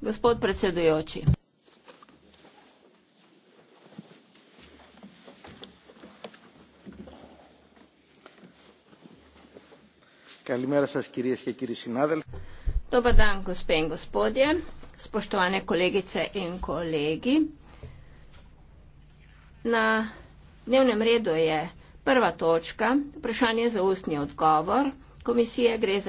gospod predsedujoči dober dan gospe in gospodje spoštovane kolegice in kolegi na dnevnem redu je prva točka vprašanje zaustni odgovor komisije gre za